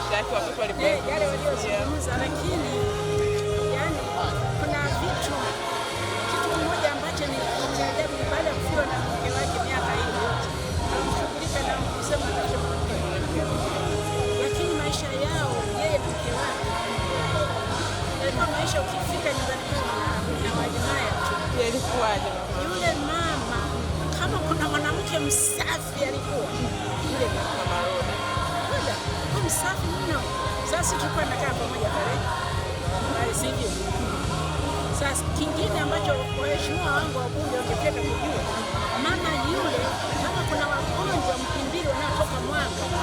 maisha yake watoto walikuwa lakini yani, kuna vitu kitu ambacho ni cha ajabu baada ya kufiwa na mke wake miaka hii yote alishughulika na kusema lakini maisha yao yeye mke wake maisha ukifika nyumbani na tu yalikuwaje yule mama kama kuna mwanamke msafi msafi mno. Sasa tulikuwa pamoja pale Sasa kingine ambacho waheshimiwa wangu wabunge wangependa kujua, mama yule, kama kuna wagonjwa wanaotoka Mwanga,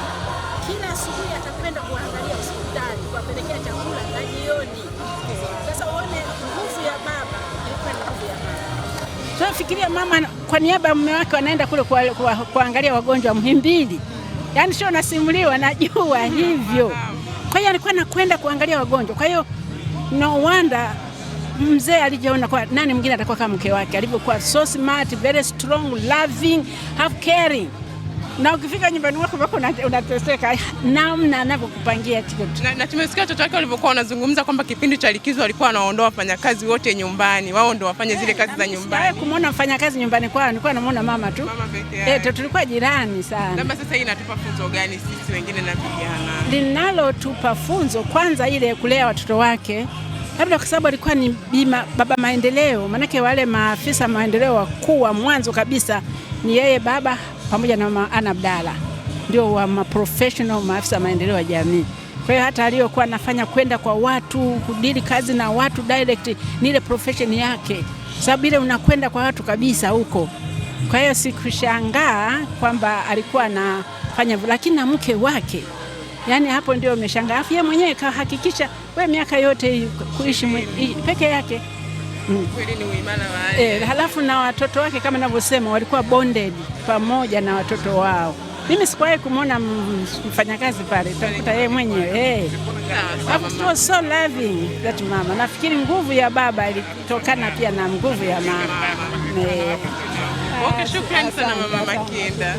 kila asubuhi atapenda kuangalia hospitali, kuwapelekea chakula na jioni. Sasa uone nguvu ya baba, ilikuwa ni nguvu ya mama. mama kwa niaba ya mume wake wanaenda kule kuangalia wagonjwa Mhimbili yani sio nasimuliwa, najua hivyo. Kwa hiyo alikuwa nakwenda kuangalia wagonjwa, kwa hiyo no wonder mzee alijaona kwa nani mwingine atakuwa kama mke wake alivyokuwa, so smart, very strong, loving, half caring na ukifika nyumbani mwako bako unateseka namna anavyokupangia tiketi. Na, na tumesikia watoto wake walivyokuwa wanazungumza kwamba kipindi cha likizo walikuwa wanaondoa wafanyakazi wote nyumbani, wao ndio wafanye zile eh, kazi za nyumbani. Kumuona mfanyakazi nyumbani kwao nilikuwa namuona mama tu, mama pekee eh, yake, tulikuwa jirani sana. Labda sasa hii inatupa funzo gani sisi wengine na vijana? Linalotupa funzo kwanza, ile kulea watoto wake labda kwa sababu alikuwa ni bima baba maendeleo, maanake wale maafisa maendeleo wakuu wa mwanzo kabisa ni yeye baba pamoja na mama Ana Abdalla ndio wa professional maafisa maendeleo ya jamii. Kwa hiyo hata aliyokuwa anafanya kwenda kwa watu kudili kazi na watu direct, ni ile profession yake, sababu ile unakwenda kwa watu kabisa huko. Kwa hiyo sikushangaa kwamba alikuwa anafanya, lakini na mke wake yaani hapo ndio umeshangaa. Afu yeye mwenyewe kahakikisha we miaka yote kuishi peke yake. Kweli ni uimara wa eh, halafu na watoto wake kama ninavyosema walikuwa bonded pamoja na watoto wao. Mimi sikuwahi kumwona mfanyakazi pale, takuta yeye mwenyewe eh. ah, so loving that mama. Nafikiri nguvu ya baba ilitokana pia na nguvu ya mama. Eh. Okay, shukrani sana Mama Makinda.